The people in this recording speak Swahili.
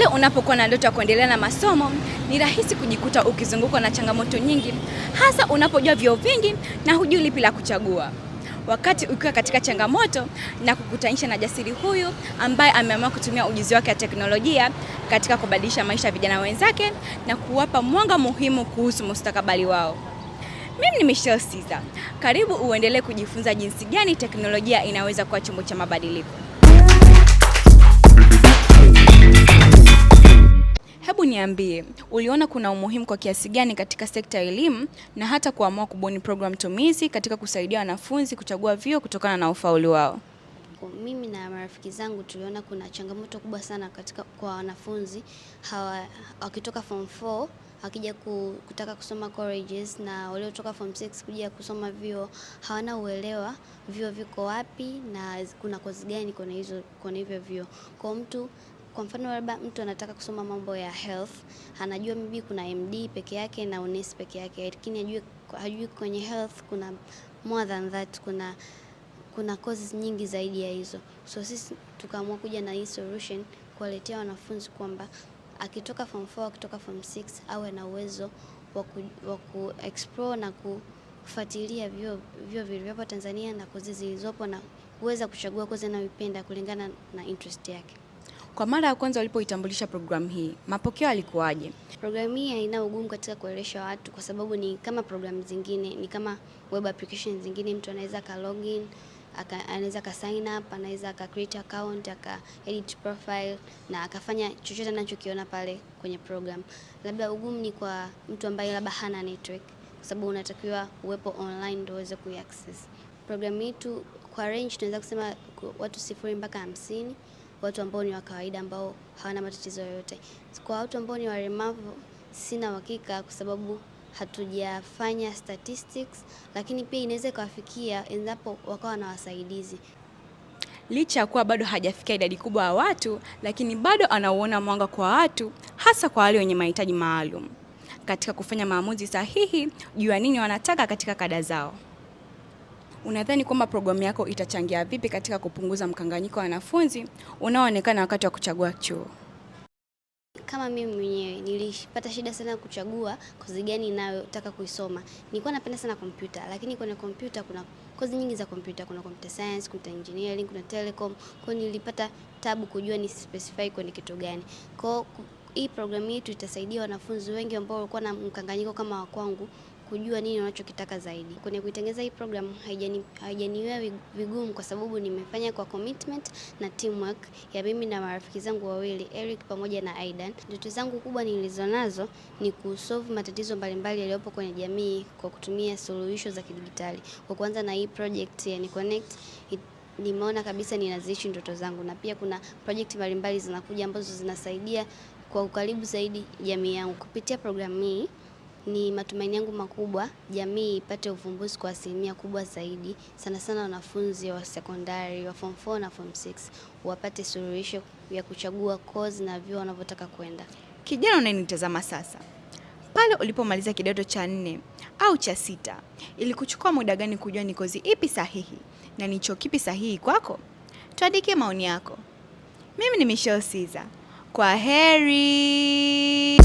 Pale unapokuwa na ndoto ya kuendelea na masomo, ni rahisi kujikuta ukizungukwa na changamoto nyingi, hasa unapojua vyuo vingi na hujui lipi la kuchagua. Wakati ukiwa katika changamoto na kukutanisha na jasiri huyu ambaye ameamua kutumia ujuzi wake wa teknolojia katika kubadilisha maisha ya vijana wenzake na kuwapa mwanga muhimu kuhusu mustakabali wao. Mimi ni Michelle Caesar, Karibu uendelee kujifunza jinsi gani teknolojia inaweza kuwa chombo cha mabadiliko. niambie uliona kuna umuhimu kwa kiasi gani katika sekta ya elimu na hata kuamua kubuni programu tumizi katika kusaidia wanafunzi kuchagua vyuo kutokana na ufauli wao? Mimi na marafiki zangu tuliona kuna changamoto kubwa sana katika kwa wanafunzi hawa wakitoka form 4 wakija kutaka kusoma colleges na waliotoka form 6 kuja kusoma vyuo hawana uelewa vyuo viko wapi na kuna kozi gani kwenye hizo kwenye hivyo vyuo. Kwa mtu kwa mfano labda mtu anataka kusoma mambo ya health, anajua mimi kuna MD peke yake na unesi peke yake, lakini hajui, hajui kwenye health kuna more than that, kuna kuna courses nyingi zaidi ya hizo. So sisi tukaamua kuja na hii solution kuwaletea wanafunzi kwamba akitoka form 4 akitoka form 6 awe na uwezo wa ku explore na kufuatilia vyo vilivyopo Tanzania na kozi zilizopo na kuweza kuchagua kozi anayoipenda kulingana na interest yake. Kwa mara ya kwanza walipoitambulisha programu hii, mapokeo alikuwaje? Programu hii haina ugumu katika kuelesha watu, kwa sababu ni kama programu zingine, ni kama web application zingine. Mtu anaweza ka login anaweza ka sign up, anaweza ka create account, aka edit profile na akafanya chochote anachokiona pale kwenye program. Labda ugumu ni kwa mtu ambaye labda hana network, kwa sababu unatakiwa uwepo online ndio uweze kuiaccess programu yetu. Kwa range tunaweza kusema watu sifuri mpaka hamsini watu ambao ni wa kawaida ambao hawana matatizo yoyote. Kwa watu ambao ni walemavu sina uhakika kwa sababu hatujafanya statistics, lakini pia inaweza ikawafikia endapo wakawa na wasaidizi. Licha ya kuwa bado hajafikia idadi kubwa ya watu, lakini bado anauona mwanga kwa watu, hasa kwa wale wenye mahitaji maalum katika kufanya maamuzi sahihi juu ya nini wanataka katika kada zao. Unadhani kwamba programu yako itachangia vipi katika kupunguza mkanganyiko wa wanafunzi unaoonekana wakati wa kuchagua chuo? Kama mimi mwenyewe nilipata shida sana kuchagua kozi gani ninayotaka kuisoma. Nilikuwa napenda sana kompyuta, lakini kwenye kompyuta kuna kozi nyingi za kompyuta, kuna computer science, kuna engineering, kuna telecom. Kwa hiyo nilipata tabu kujua ni specify kwenye kitu gani. Kwa hii programu yetu itasaidia wanafunzi wengi ambao walikuwa na mkanganyiko kama wa kwangu kujua nini wanachokitaka zaidi. Kwenye kuitengeneza hii program haijaniwia vigumu, kwa sababu nimefanya kwa commitment na teamwork ya mimi na marafiki zangu wawili Eric pamoja na Aidan. Ndoto zangu kubwa nilizonazo ni kusolve matatizo mbalimbali yaliyopo kwenye jamii kwa kutumia suluhisho za kidigitali Kwa kuanza na hii project ya NiConnect nimeona kabisa ninaziishi ndoto zangu, na pia kuna project mbalimbali zinakuja ambazo zinasaidia kwa ukaribu zaidi jamii yangu kupitia programu hii. Ni matumaini yangu makubwa jamii ipate uvumbuzi kwa asilimia kubwa zaidi, sana sana wanafunzi wa sekondari wa form 4 na form 6 wapate suluhisho ya kuchagua kozi na vyuo wanavyotaka kwenda. Kijana unayenitazama sasa, pale ulipomaliza kidato cha nne au cha sita, ilikuchukua muda gani kujua ni kozi ipi sahihi na ni chuo kipi sahihi kwako? Tuandikie maoni yako. Mimi ni Michelle Siza, kwa heri.